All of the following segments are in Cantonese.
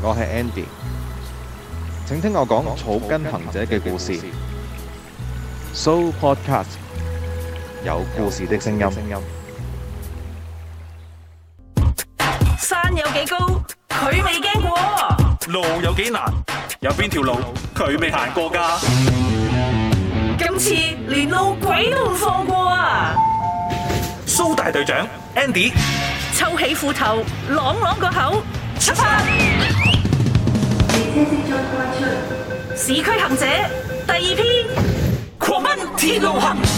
我係 Andy，請聽我講草根行者嘅故事。So Podcast 有故事的聲音。山有幾高，佢未驚過；路有幾難，有邊條路佢未行過噶？今次連路鬼都唔放過啊！蘇大隊長 Andy，抽起褲頭，朗朗個口，出發！市區行者第二篇，狂奔鐵路行。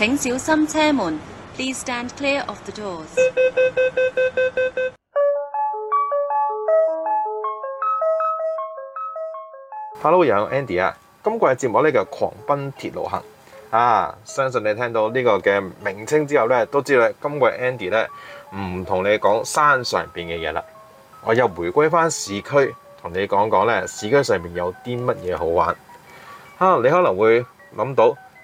請小心車門。Please stand clear of the doors。Hello，又係我 Andy 啊！今季節目呢個狂奔鐵路行啊，相信你聽到呢個嘅名稱之後呢，都知道今季 Andy 呢唔同你講山上邊嘅嘢啦，我又回歸返市區，同你講講呢市區上面有啲乜嘢好玩啊！你可能會諗到。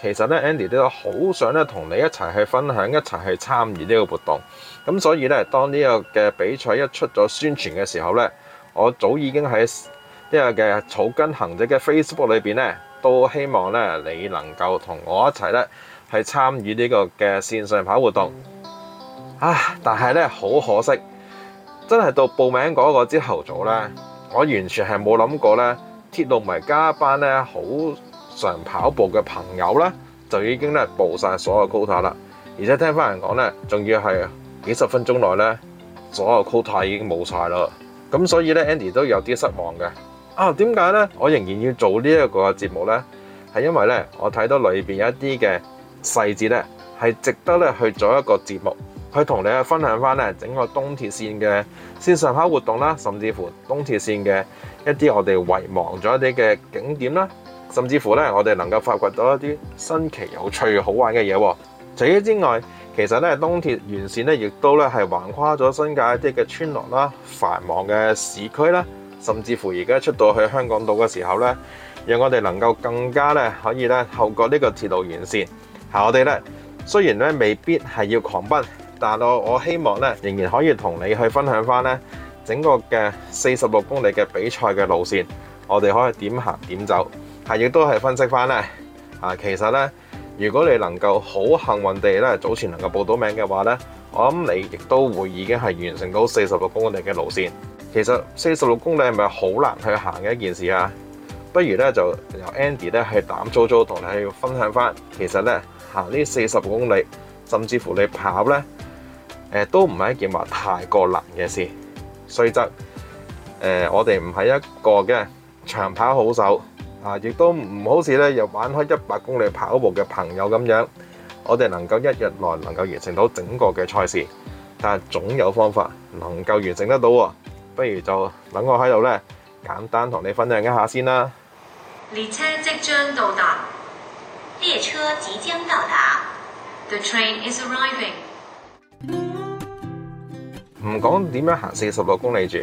其實咧，Andy 都好想咧同你一齊去分享，一齊去參與呢個活動。咁所以咧，當呢個嘅比賽一出咗宣傳嘅時候咧，我早已經喺呢個嘅草根行者嘅 Facebook 裏邊咧，都希望咧你能夠同我一齊咧，去參與呢個嘅線上跑活動。啊！但係咧，好可惜，真係到報名嗰個朝頭早咧，嗯、我完全係冇諗過咧，鐵路迷加班咧好～很常跑步嘅朋友咧，就已經咧步晒所有 quota 啦，而且聽翻人講咧，仲要係幾十分鐘內咧，所有 quota 已經冇晒啦。咁所以咧，Andy 都有啲失望嘅。啊，點解咧？我仍然要做這個節目呢一個嘅節目咧，係因為咧，我睇到裏邊有一啲嘅細節咧，係值得咧去做一個節目，去同你去分享翻咧整個東鐵線嘅線上跑活動啦，甚至乎東鐵線嘅一啲我哋遺忘咗一啲嘅景點啦。甚至乎咧，我哋能夠發掘到一啲新奇、有趣、好玩嘅嘢喎。除此之外，其實咧，東鐵沿線咧，亦都咧係橫跨咗新界一啲嘅村落啦、繁忙嘅市區啦，甚至乎而家出到去香港島嘅時候咧，讓我哋能夠更加咧可以咧透過呢個鐵路沿線，嚇我哋咧雖然咧未必係要狂奔，但我我希望咧仍然可以同你去分享返咧整個嘅四十六公里嘅比賽嘅路線，我哋可以點行點走。係，亦都係分析翻咧。啊，其實咧，如果你能夠好幸運地咧早前能夠報到名嘅話咧，我諗你亦都會已經係完成到四十六公里嘅路線。其實四十六公里係咪好難去行嘅一件事啊？不如咧就由 Andy 咧去膽粗粗同你去分享翻，其實咧行呢四十六公里，甚至乎你跑咧，誒、呃、都唔係一件話太過難嘅事。雖則誒，我哋唔係一個嘅長跑好手。啊！亦都唔好似咧，又玩開一百公里跑步嘅朋友咁樣，我哋能夠一日內能夠完成到整個嘅賽事，但係總有方法能夠完成得到喎。不如就等我喺度咧，簡單同你分享一下先啦。列車即將到達，列車即將到達，The train is arriving。唔講點樣行四十六公里住。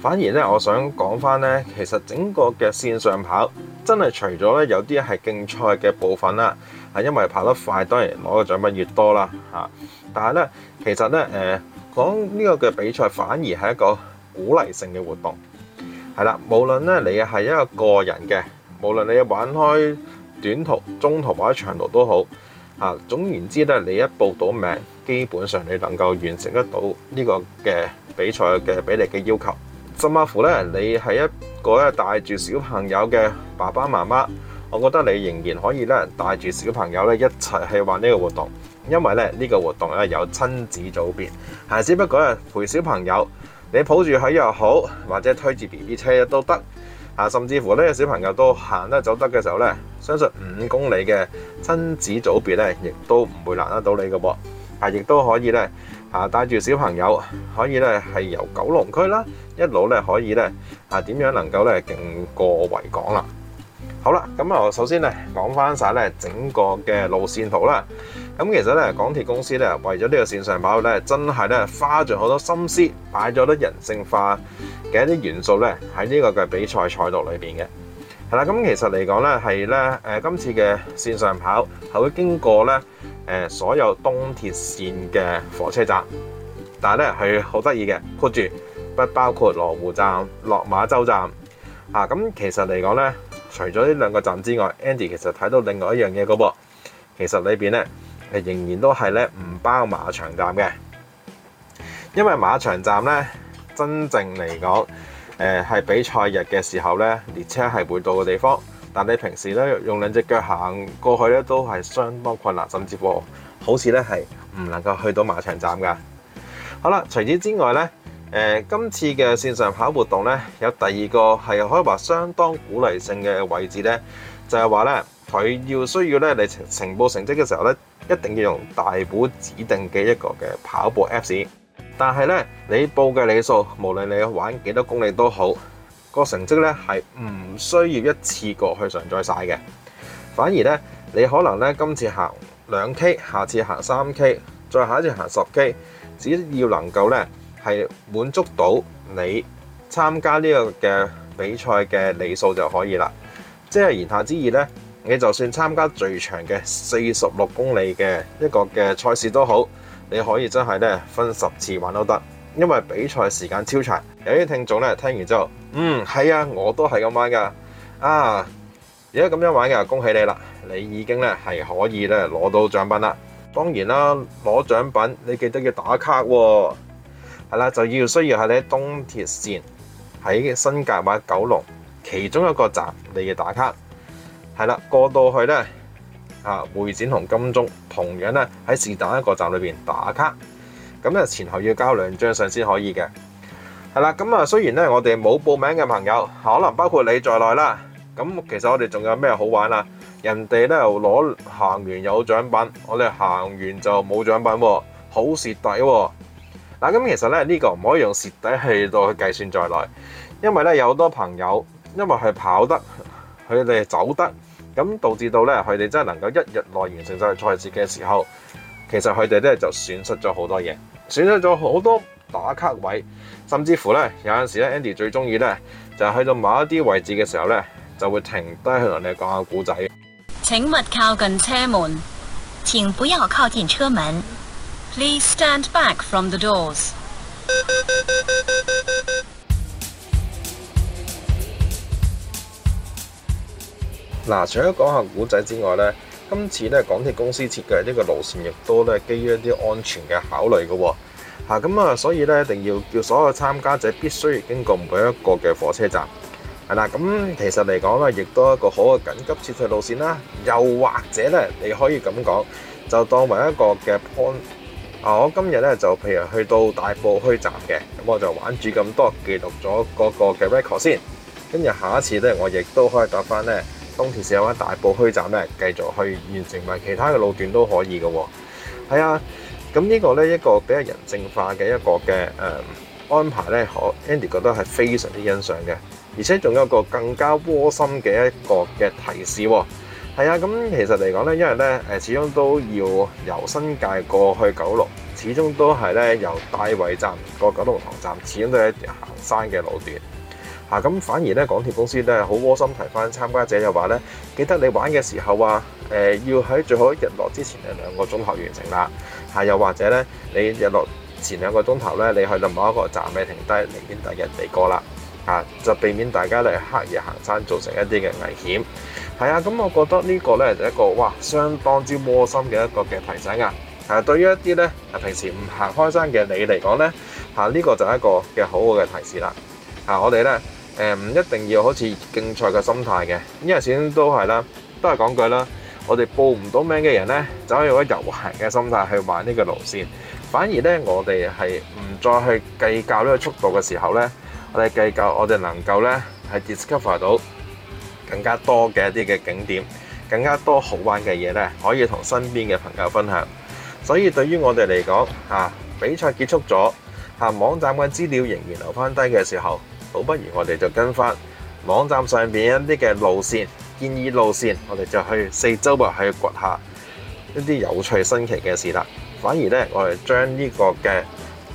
反而咧，我想講翻咧，其實整個嘅線上跑真係除咗咧有啲係競賽嘅部分啦，係因為跑得快，當然攞嘅獎品越多啦嚇。但係咧，其實咧誒講呢個嘅比賽，反而係一個鼓勵性嘅活動係啦。無論咧你係一個個人嘅，無論你玩開短途、中途或者長途都好嚇。總而言之咧，你一報到名，基本上你能夠完成得到呢個嘅比賽嘅比例嘅要求。甚至乎咧，你係一個咧帶住小朋友嘅爸爸媽媽，我覺得你仍然可以咧帶住小朋友咧一齊去玩呢個活動，因為咧呢個活動咧有親子組別，嚇，只不過咧陪小朋友，你抱住佢又好，或者推住 BB 車都得，嚇，甚至乎呢咧小朋友都行得走得嘅時候咧，相信五公里嘅親子組別咧，亦都唔會難得到你嘅噃，嚇，亦都可以咧。啊，帶住小朋友可以咧，係由九龍區啦，一路咧可以咧，啊點樣能夠咧勁過維港啦？好啦，咁啊，我首先咧講翻晒咧整個嘅路線圖啦。咁其實咧，港鐵公司咧為咗呢個線上跑咧，真係咧花咗好多心思，擺咗啲人性化嘅一啲元素咧喺呢個嘅比賽賽道裏邊嘅。係啦，咁其實嚟講咧，係咧，誒，今次嘅線上跑係會經過咧，誒，所有東鐵線嘅火車站，但係咧佢好得意嘅，括住不包括羅湖站、落馬洲站啊。咁其實嚟講咧，除咗呢兩個站之外，Andy 其實睇到另外一樣嘢噶噃，其實裏邊咧係仍然都係咧唔包馬場站嘅，因為馬場站咧真正嚟講。誒係比賽日嘅時候呢，列車係會到嘅地方，但你平時呢用兩隻腳行過去呢，都係相當困難，甚至乎好似呢係唔能夠去到馬場站㗎。好啦，除此之外呢，誒今次嘅線上跑活動呢，有第二個係可以話相當鼓勵性嘅位置呢，就係話呢，佢要需要呢，你呈報成績嘅時候呢，一定要用大埔指定嘅一個嘅跑步 Apps。但係呢，你報嘅里數，無論你玩幾多公里都好，個成績呢係唔需要一次過去上載晒嘅。反而呢，你可能呢，今次行兩 K，下次行三 K，再下一次行十 K，只要能夠呢係滿足到你參加呢個嘅比賽嘅里數就可以啦。即係言下之意呢，你就算參加最長嘅四十六公里嘅一個嘅賽事都好。你可以真係咧，分十次玩都得，因為比賽時間超長。有啲聽眾咧，聽完之後，嗯，係啊，我都係咁玩噶。啊，而家咁樣玩嘅，恭喜你啦！你已經咧，係可以咧攞到獎品啦。當然啦，攞獎品你記得要打卡喎、哦。係啦、啊，就要需要喺咧東鐵線喺新界或九龍其中一個站，你要打卡。係啦、啊，過到去咧。啊！會展同金鐘同樣咧喺是但一個站裏邊打卡，咁咧前後要交兩張相先可以嘅。係啦，咁啊雖然咧我哋冇報名嘅朋友，可能包括你在內啦。咁其實我哋仲有咩好玩啊？人哋咧又攞行完有獎品，我哋行完就冇獎品喎，好蝕底喎。嗱，咁其實咧呢個唔可以用蝕底嚟到去計算在內，因為咧有好多朋友因為係跑得，佢哋走得，咁導致到咧，佢哋真係能夠一日內完成晒賽事嘅時候，其實佢哋咧就損失咗好多嘢，損失咗好多打卡位，甚至乎咧有陣時咧 Andy 最中意咧，就係去到某一啲位置嘅時候咧，就會停低去同你講下故仔。請勿靠近車門。請不要靠近車門。Please stand back from the doors. 嗱，除咗講下古仔之外咧，今次咧港鐵公司設計呢個路線，亦都咧基於一啲安全嘅考慮嘅嚇。咁啊，所以咧一定要叫所有參加者必須經過每一個嘅火車站。嗱，咁其實嚟講咧，亦都一個好嘅緊急撤退路線啦。又或者咧，你可以咁講，就當為一個嘅 point。啊，我今日咧就譬如去到大埔墟站嘅，咁我就玩住咁多記錄咗嗰個嘅 record 先。跟住下一次咧，我亦都可以打翻咧。東鐵線嘅話，大埔墟站咧繼續去完成埋其他嘅路段都可以嘅喎，係啊，咁呢個咧一個比較人性化嘅一個嘅誒安排咧，可 Andy 覺得係非常之欣賞嘅，而且仲有一個更加窩心嘅一個嘅提示喎，係啊，咁其實嚟講咧，因為咧誒始終都要由新界過去九龍，始終都係咧由大圍站過九龍塘站，始終都係一條行山嘅路段。啊，咁反而咧，港鐵公司咧好窩心，提翻參加者又話咧，記得你玩嘅時候啊，誒要喺最好日落之前嘅兩個鐘頭完成啦。嚇，又或者咧，你日落前兩個鐘頭咧，你去到某一個站你停低，寧願第二日嚟過啦。嚇，就避免大家嚟黑夜行山造成一啲嘅危險。係啊，咁我覺得呢個咧就一個哇相當之窩心嘅一個嘅提醒啊。誒，對於一啲咧平時唔行開山嘅你嚟講咧，嚇呢個就係一個嘅好好嘅提示啦。嚇，我哋咧～誒唔一定要好似競賽嘅心態嘅，因為始終都係啦，都係講句啦。我哋報唔到名嘅人咧，就可以用遊玩嘅心態去玩呢個路線。反而咧，我哋係唔再去計較呢個速度嘅時候咧，我哋計較我哋能夠咧係 discover 到更加多嘅一啲嘅景點，更加多好玩嘅嘢咧，可以同身邊嘅朋友分享。所以對於我哋嚟講，嚇比賽結束咗，嚇網站嘅資料仍然留翻低嘅時候。倒不如我哋就跟翻網站上面一啲嘅路線、建議路線，我哋就去四周圍去掘下一啲有趣新奇嘅事啦。反而呢，我哋將呢個嘅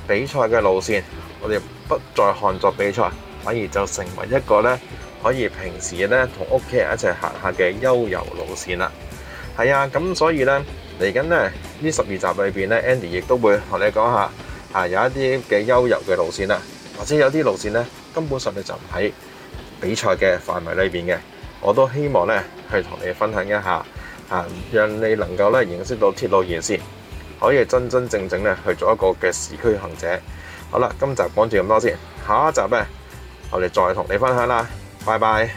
比賽嘅路線，我哋不再看作比賽，反而就成為一個呢可以平時呢同屋企人一齊行下嘅悠遊路線啦。係啊，咁所以呢，嚟緊呢呢十二集裏面呢 Andy 亦都會同你講下啊，有一啲嘅悠遊嘅路線啦，或者有啲路線呢。根本實力就唔喺比賽嘅範圍裏邊嘅，我都希望呢，去同你分享一下，吓、啊，讓你能夠咧認識到鐵路沿線，可以真真正正呢去做一個嘅市區行者。好啦，今集講住咁多先，下一集呢，我哋再同你分享啦，拜拜。